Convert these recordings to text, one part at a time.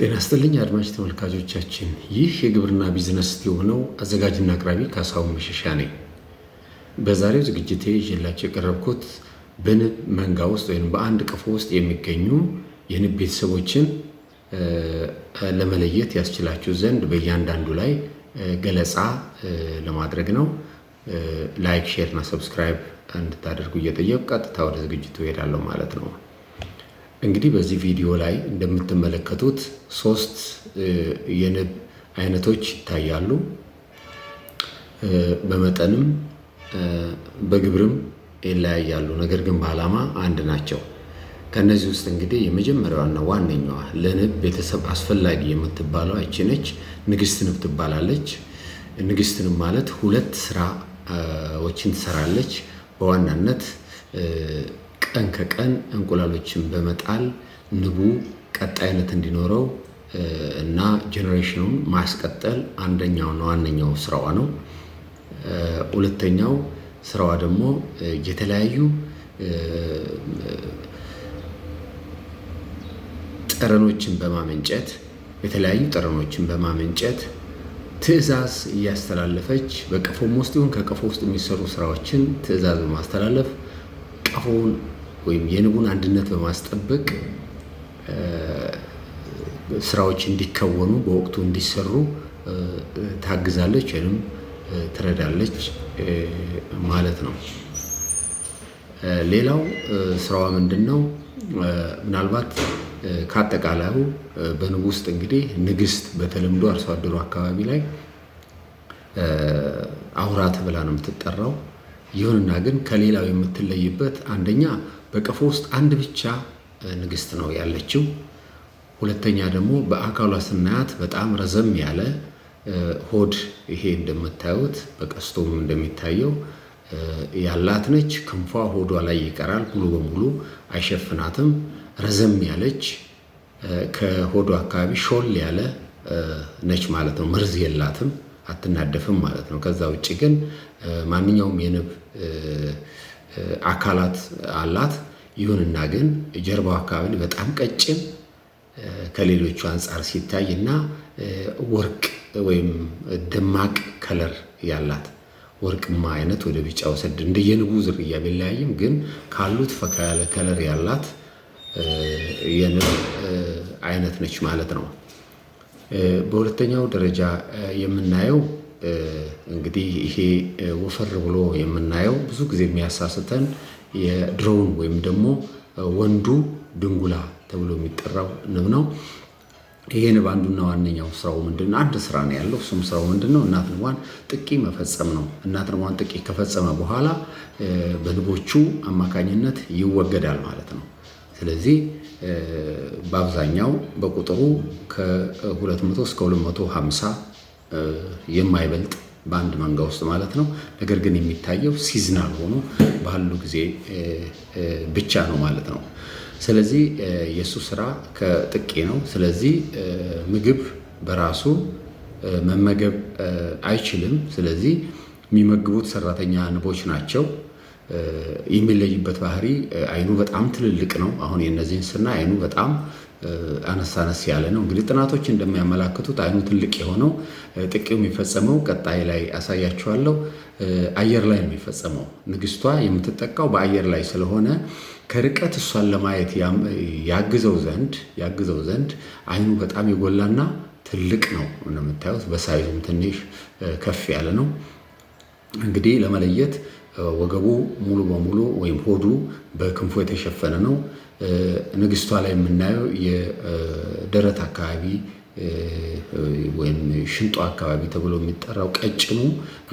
ጤና ስጥልኝ አድማጭ ተመልካቾቻችን፣ ይህ የግብርና ቢዝነስ የሆነው አዘጋጅና አቅራቢ ካሳሁን መሸሻ ነኝ። በዛሬው ዝግጅቴ ይዤላቸው የቀረብኩት በንብ መንጋ ውስጥ ወይም በአንድ ቀፎ ውስጥ የሚገኙ የንብ ቤተሰቦችን ለመለየት ያስችላችሁ ዘንድ በእያንዳንዱ ላይ ገለጻ ለማድረግ ነው። ላይክ፣ ሼር እና ሰብስክራይብ እንድታደርጉ እየጠየቁ ቀጥታ ወደ ዝግጅቱ እሄዳለሁ ማለት ነው። እንግዲህ በዚህ ቪዲዮ ላይ እንደምትመለከቱት ሶስት የንብ አይነቶች ይታያሉ። በመጠንም በግብርም ይለያያሉ፣ ነገር ግን በዓላማ አንድ ናቸው። ከእነዚህ ውስጥ እንግዲህ የመጀመሪያዋና ዋነኛዋ ለንብ ቤተሰብ አስፈላጊ የምትባለው አይችነች ንግስት ንብ ትባላለች። ንግስትንም ማለት ሁለት ስራዎችን ትሰራለች በዋናነት ቀን ከቀን እንቁላሎችን በመጣል ንቡ ቀጣይነት እንዲኖረው እና ጀኔሬሽኑን ማስቀጠል አንደኛውና ዋነኛው ስራዋ ነው። ሁለተኛው ስራዋ ደግሞ የተለያዩ ጠረኖችን በማመንጨት የተለያዩ ጠረኖችን በማመንጨት ትዕዛዝ እያስተላለፈች በቀፎም ውስጥ ይሁን ከቀፎ ውስጥ የሚሰሩ ስራዎችን ትዕዛዝ በማስተላለፍ ቀፎውን ወይም የንቡን አንድነት በማስጠበቅ ስራዎች እንዲከወኑ በወቅቱ እንዲሰሩ ታግዛለች ወይም ትረዳለች ማለት ነው። ሌላው ስራዋ ምንድን ነው? ምናልባት ከአጠቃላዩ በንብ ውስጥ እንግዲህ ንግስት በተለምዶ አርሶ አደሩ አካባቢ ላይ አውራ ተብላ ነው የምትጠራው። ይሁንና ግን ከሌላው የምትለይበት አንደኛ በቀፎ ውስጥ አንድ ብቻ ንግስት ነው ያለችው። ሁለተኛ ደግሞ በአካሏ ስናያት በጣም ረዘም ያለ ሆድ ይሄ እንደምታዩት በቀስቶም እንደሚታየው ያላት ነች። ክንፏ ሆዷ ላይ ይቀራል፣ ሙሉ በሙሉ አይሸፍናትም። ረዘም ያለች ከሆዷ አካባቢ ሾል ያለ ነች ማለት ነው። መርዝ የላትም፣ አትናደፍም ማለት ነው። ከዛ ውጭ ግን ማንኛውም የንብ አካላት አላት። ይሁንና ግን ጀርባው አካባቢ በጣም ቀጭን ከሌሎቹ አንጻር ሲታይ እና ወርቅ ወይም ደማቅ ከለር ያላት ወርቅማ አይነት ወደ ቢጫ ወሰድ እንደየንቡ ዝርያ ቢለያይም ግን ካሉት ፈካ ያለ ከለር ያላት የንብ አይነት ነች ማለት ነው። በሁለተኛው ደረጃ የምናየው እንግዲህ ይሄ ወፈር ብሎ የምናየው ብዙ ጊዜ የሚያሳስተን የድሮውን ወይም ደግሞ ወንዱ ድንጉላ ተብሎ የሚጠራው ንብ ነው። ይሄ ንብ አንዱና ዋነኛው ስራው ምንድን ነው? አንድ ስራ ነው ያለው። እሱም ስራው ምንድን ነው? እናት ንቧን ጥቂ መፈጸም ነው። እናት ንቧን ጥቂ ከፈጸመ በኋላ በንቦቹ አማካኝነት ይወገዳል ማለት ነው። ስለዚህ በአብዛኛው በቁጥሩ ከ200 እስከ 250 የማይበልጥ በአንድ መንጋ ውስጥ ማለት ነው። ነገር ግን የሚታየው ሲዝናል ሆኖ ባሉ ጊዜ ብቻ ነው ማለት ነው። ስለዚህ የእሱ ስራ ከጥቂ ነው። ስለዚህ ምግብ በራሱ መመገብ አይችልም። ስለዚህ የሚመግቡት ሰራተኛ ንቦች ናቸው። የሚለይበት ባህሪ አይኑ በጣም ትልልቅ ነው። አሁን የነዚህን ስና አይኑ በጣም አነስ አነስ ያለ ነው። እንግዲህ ጥናቶች እንደሚያመላክቱት አይኑ ትልቅ የሆነው ጥቂው የሚፈጸመው ቀጣይ ላይ አሳያችኋለሁ። አየር ላይ ነው የሚፈጸመው። ንግስቷ የምትጠቃው በአየር ላይ ስለሆነ ከርቀት እሷን ለማየት ያግዘው ዘንድ ያግዘው ዘንድ አይኑ በጣም የጎላና ትልቅ ነው እንደምታዩት፣ በሳይዙም ትንሽ ከፍ ያለ ነው። እንግዲህ ለመለየት ወገቡ ሙሉ በሙሉ ወይም ሆዱ በክንፎ የተሸፈነ ነው። ንግስቷ ላይ የምናየው የደረት አካባቢ ወይም ሽንጦ አካባቢ ተብሎ የሚጠራው ቀጭኑ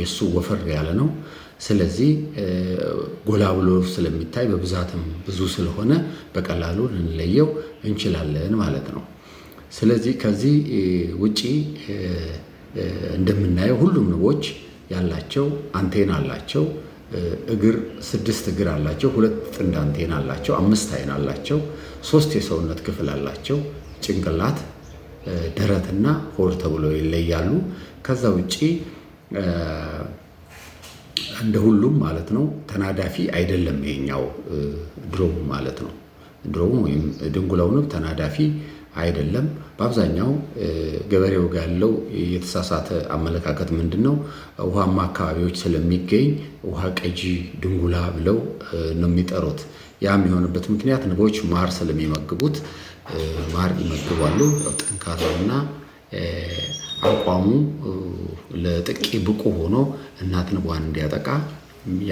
የእሱ ወፈር ያለ ነው። ስለዚህ ጎላ ብሎ ስለሚታይ በብዛትም ብዙ ስለሆነ በቀላሉ ልንለየው እንችላለን ማለት ነው። ስለዚህ ከዚህ ውጪ እንደምናየው ሁሉም ንቦች ያላቸው አንቴና አላቸው። እግር ስድስት እግር አላቸው። ሁለት ጥንድ አንቴና አላቸው። አምስት አይን አላቸው። ሶስት የሰውነት ክፍል አላቸው። ጭንቅላት፣ ደረትና ሆድ ተብለው ይለያሉ። ከዛ ውጭ እንደ ሁሉም ማለት ነው ተናዳፊ አይደለም። ይሄኛው ድሮቡ ማለት ነው ድሮቡ ወይም ድንጉላው ንብ ተናዳፊ አይደለም። በአብዛኛው ገበሬው ጋር ያለው የተሳሳተ አመለካከት ምንድን ነው? ውሃማ አካባቢዎች ስለሚገኝ ውሃ ቀጂ ድንጉላ ብለው ነው የሚጠሩት። ያ የሚሆንበት ምክንያት ንቦች ማር ስለሚመግቡት ማር ይመግባሉ። ጠንካራና አቋሙ ለጥቂ ብቁ ሆኖ እናት ንቧን እንዲያጠቃ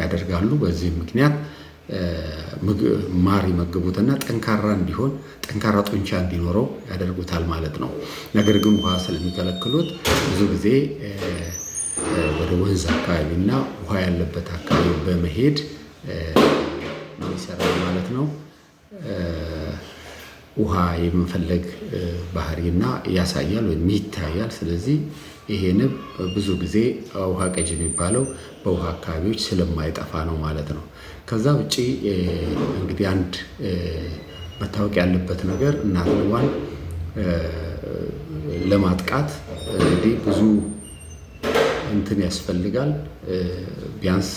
ያደርጋሉ። በዚህ ምክንያት ማር ይመግቡትና ጠንካራ እንዲሆን ጠንካራ ጡንቻ እንዲኖረው ያደርጉታል ማለት ነው። ነገር ግን ውሃ ስለሚከለክሉት ብዙ ጊዜ ወደ ወንዝ አካባቢና ውሃ ያለበት አካባቢ በመሄድ ምን ይሰራል ማለት ነው ውሃ የመፈለግ ባህሪና ያሳያል ወይም ይታያል። ስለዚህ ይሄ ንብ ብዙ ጊዜ ውሃ ቀጅ የሚባለው በውሃ አካባቢዎች ስለማይጠፋ ነው ማለት ነው። ከዛ ውጭ እንግዲህ አንድ መታወቅ ያለበት ነገር እናት ንቧን ለማጥቃት እንግዲህ ብዙ እንትን ያስፈልጋል። ቢያንስ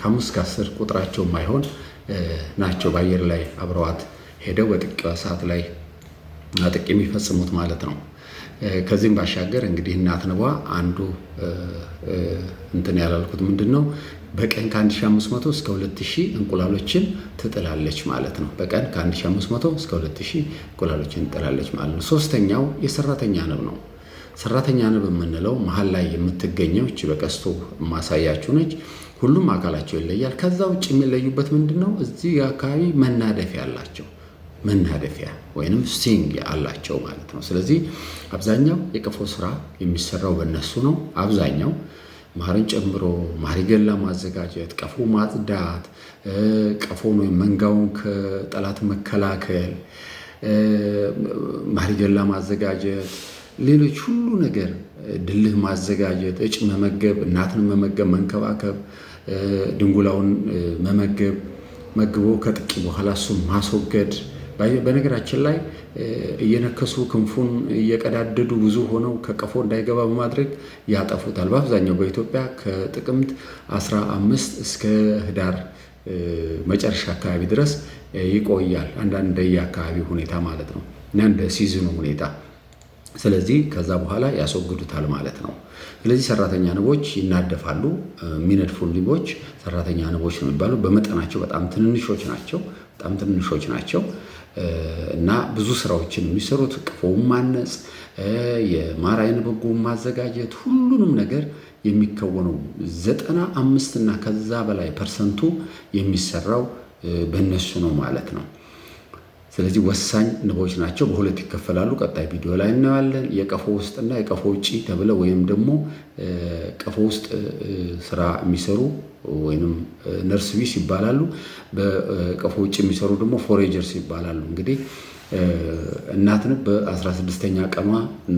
ከአምስት ከአስር ቁጥራቸው የማይሆን ናቸው በአየር ላይ አብረዋት ሄደው በጥቂዋ ሰዓት ላይ አጥቂ የሚፈጽሙት ማለት ነው። ከዚህም ባሻገር እንግዲህ እናትንቧ አንዱ እንትን ያላልኩት ምንድን ነው በቀን ከ1500 እስከ 2000 እንቁላሎችን ትጥላለች ማለት ነው። በቀን ከ1500 እስከ 2000 እንቁላሎችን ትጥላለች ማለት ነው። ሶስተኛው የሰራተኛ ንብ ነው። ሰራተኛ ንብ የምንለው መሀል ላይ የምትገኘው እች በቀስቶ ማሳያችሁ ነች። ሁሉም አካላቸው ይለያል። ከዛ ውጭ የሚለዩበት ምንድን ነው? እዚህ አካባቢ መናደፊያ አላቸው። መናደፊያ ወይንም ስቲንግ አላቸው ማለት ነው። ስለዚህ አብዛኛው የቀፎ ስራ የሚሰራው በእነሱ ነው። አብዛኛው ማርን ጨምሮ ማሪገላ ማዘጋጀት፣ ቀፎ ማጽዳት፣ ቀፎን ወይም መንጋውን ከጠላት መከላከል፣ ማሪገላ ማዘጋጀት፣ ሌሎች ሁሉ ነገር ድልህ ማዘጋጀት፣ እጭ መመገብ፣ እናትን መመገብ፣ መንከባከብ፣ ድንጉላውን መመገብ መግቦ ከጥቂ በኋላ እሱን ማስወገድ በነገራችን ላይ እየነከሱ ክንፉን እየቀዳደዱ ብዙ ሆነው ከቀፎ እንዳይገባ በማድረግ ያጠፉታል። በአብዛኛው በኢትዮጵያ ከጥቅምት 15 እስከ ህዳር መጨረሻ አካባቢ ድረስ ይቆያል። አንዳንድ እንደየ አካባቢ ሁኔታ ማለት ነው እና እንደ ሲዝኑ ሁኔታ ስለዚህ ከዛ በኋላ ያስወግዱታል ማለት ነው። ስለዚህ ሰራተኛ ንቦች ይናደፋሉ። የሚነድፉ ንቦች ሰራተኛ ንቦች ነው የሚባሉ። በመጠናቸው በጣም ትንንሾች ናቸው፣ በጣም ትንንሾች ናቸው እና ብዙ ስራዎችን የሚሰሩት ቅፎውን ማነጽ፣ የማር አይን ማዘጋጀት፣ ሁሉንም ነገር የሚከወነው ዘጠና አምስት እና ከዛ በላይ ፐርሰንቱ የሚሰራው በእነሱ ነው ማለት ነው። ስለዚህ ወሳኝ ንቦች ናቸው። በሁለት ይከፈላሉ። ቀጣይ ቪዲዮ ላይ እናያለን። የቀፎ ውስጥና የቀፎ ውጭ ተብለው ወይም ደግሞ ቀፎ ውስጥ ስራ የሚሰሩ ወይም ነርስ ቢስ ይባላሉ። በቀፎ ውጭ የሚሰሩ ደግሞ ፎሬጀርስ ይባላሉ። እንግዲህ እናት ንብ በ16ኛ ቀኗ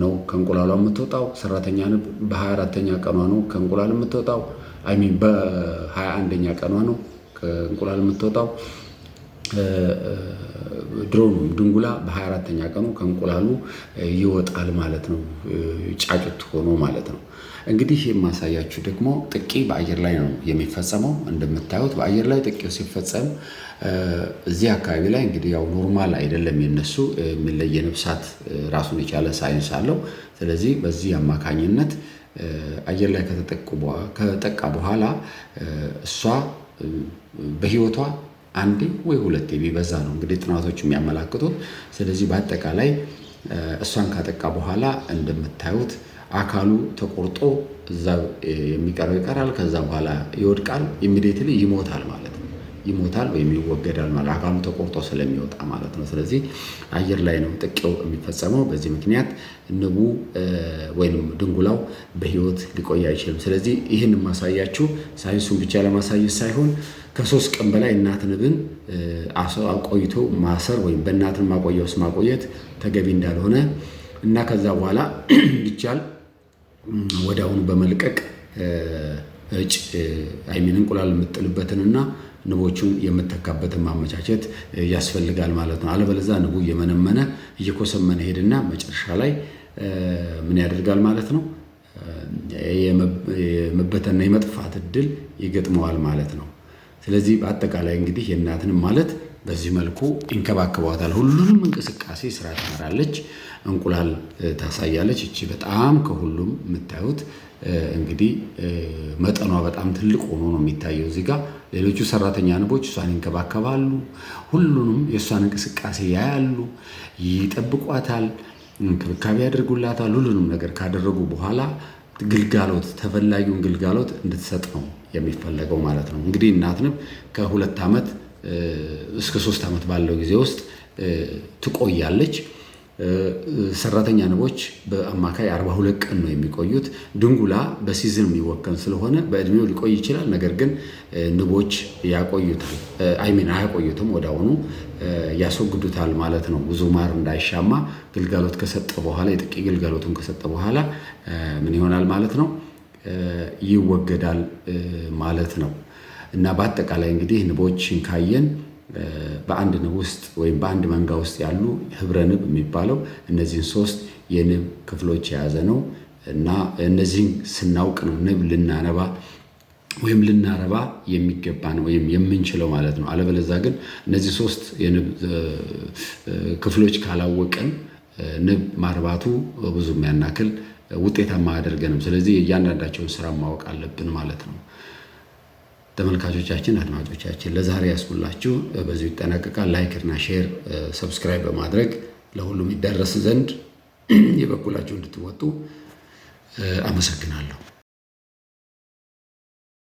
ነው ከእንቁላሏ የምትወጣው። ሰራተኛ ንብ በ24ተኛ ቀኗ ነው ከእንቁላል የምትወጣው። አይ ሚን በ21ኛ ቀኗ ነው ከእንቁላል የምትወጣው። ድሮኑ ድንጉላ በ24ተኛ ቀኑ ከእንቁላሉ ይወጣል ማለት ነው፣ ጫጩት ሆኖ ማለት ነው። እንግዲህ የማሳያችሁ ደግሞ ጥቂ በአየር ላይ ነው የሚፈጸመው። እንደምታዩት በአየር ላይ ጥቂ ሲፈጸም እዚህ አካባቢ ላይ እንግዲህ ያው ኖርማል አይደለም የነሱ የሚለየ ነፍሳት ራሱን የቻለ ሳይንስ አለው። ስለዚህ በዚህ አማካኝነት አየር ላይ ከተጠቃ በኋላ እሷ በህይወቷ አንዴ ወይ ሁለቴ ቢበዛ ነው እንግዲህ ጥናቶች የሚያመላክቱት። ስለዚህ በአጠቃላይ እሷን ካጠቃ በኋላ እንደምታዩት አካሉ ተቆርጦ እዛ የሚቀረው ይቀራል። ከዛ በኋላ ይወድቃል፣ ኢሚዲየትሊ ይሞታል ማለት ነው። ይሞታል ወይም ይወገዳል ማለት አካሉ ተቆርጦ ስለሚወጣ ማለት ነው። ስለዚህ አየር ላይ ነው ጥቂው የሚፈጸመው። በዚህ ምክንያት ንቡ ወይም ድንጉላው በህይወት ሊቆይ አይችልም። ስለዚህ ይህን ማሳያችሁ ሳይንሱን ብቻ ለማሳየት ሳይሆን ከሶስት ቀን በላይ እናት ንብን አቆይቶ ማሰር ወይም በእናትን ማቆያ ውስጥ ማቆየት ተገቢ እንዳልሆነ እና ከዛ በኋላ ይቻል ወደ አሁኑ በመልቀቅ እጭ አይሚን እንቁላል የምጥልበትንና ንቦቹ የምተካበትን ማመቻቸት ያስፈልጋል ማለት ነው። አለበለዛ ንቡ እየመነመነ እየኮሰመነ ሄድና መጨረሻ ላይ ምን ያደርጋል ማለት ነው የመበተና የመጥፋት እድል ይገጥመዋል ማለት ነው። ስለዚህ በአጠቃላይ እንግዲህ የእናትንም ማለት በዚህ መልኩ ይንከባከቧታል። ሁሉንም እንቅስቃሴ ስራ ትመራለች፣ እንቁላል ታሳያለች። እቺ በጣም ከሁሉም የምታዩት እንግዲህ መጠኗ በጣም ትልቅ ሆኖ ነው የሚታየው እዚህ ጋር ሌሎቹ ሰራተኛ ንቦች እሷን ይንከባከባሉ። ሁሉንም የእሷን እንቅስቃሴ ያያሉ፣ ይጠብቋታል፣ እንክብካቤ ያደርጉላታል። ሁሉንም ነገር ካደረጉ በኋላ ግልጋሎት ተፈላጊውን ግልጋሎት እንድትሰጥ ነው የሚፈለገው ማለት ነው። እንግዲህ እናት ንብ ከሁለት ዓመት እስከ ሶስት ዓመት ባለው ጊዜ ውስጥ ትቆያለች። ሰራተኛ ንቦች በአማካይ 42 ቀን ነው የሚቆዩት። ድንጉላ በሲዝን የሚወከን ስለሆነ በእድሜው ሊቆይ ይችላል። ነገር ግን ንቦች ያቆዩታል፣ አይሜን አያቆዩትም፣ ወደ አሁኑ ያስወግዱታል ማለት ነው። ብዙ ማር እንዳይሻማ ግልጋሎት ከሰጠ በኋላ የጥቂ ግልጋሎቱን ከሰጠ በኋላ ምን ይሆናል ማለት ነው? ይወገዳል ማለት ነው። እና በአጠቃላይ እንግዲህ ንቦችን ካየን በአንድ ንብ ውስጥ ወይም በአንድ መንጋ ውስጥ ያሉ ህብረ ንብ የሚባለው እነዚህን ሶስት የንብ ክፍሎች የያዘ ነው እና እነዚህን ስናውቅ ነው ንብ ልናነባ ወይም ልናረባ የሚገባን ወይም የምንችለው ማለት ነው። አለበለዛ ግን እነዚህ ሶስት የንብ ክፍሎች ካላወቅን ንብ ማርባቱ ብዙ የሚያናክል ውጤታማ አያደርገንም። ስለዚህ እያንዳንዳቸውን ስራ ማወቅ አለብን ማለት ነው። ተመልካቾቻችን፣ አድማጮቻችን ለዛሬ ያስኩላችሁ በዚሁ ይጠናቀቃል። ላይክ እና ሼር፣ ሰብስክራይብ በማድረግ ለሁሉም ይዳረስ ዘንድ የበኩላችሁ እንድትወጡ አመሰግናለሁ።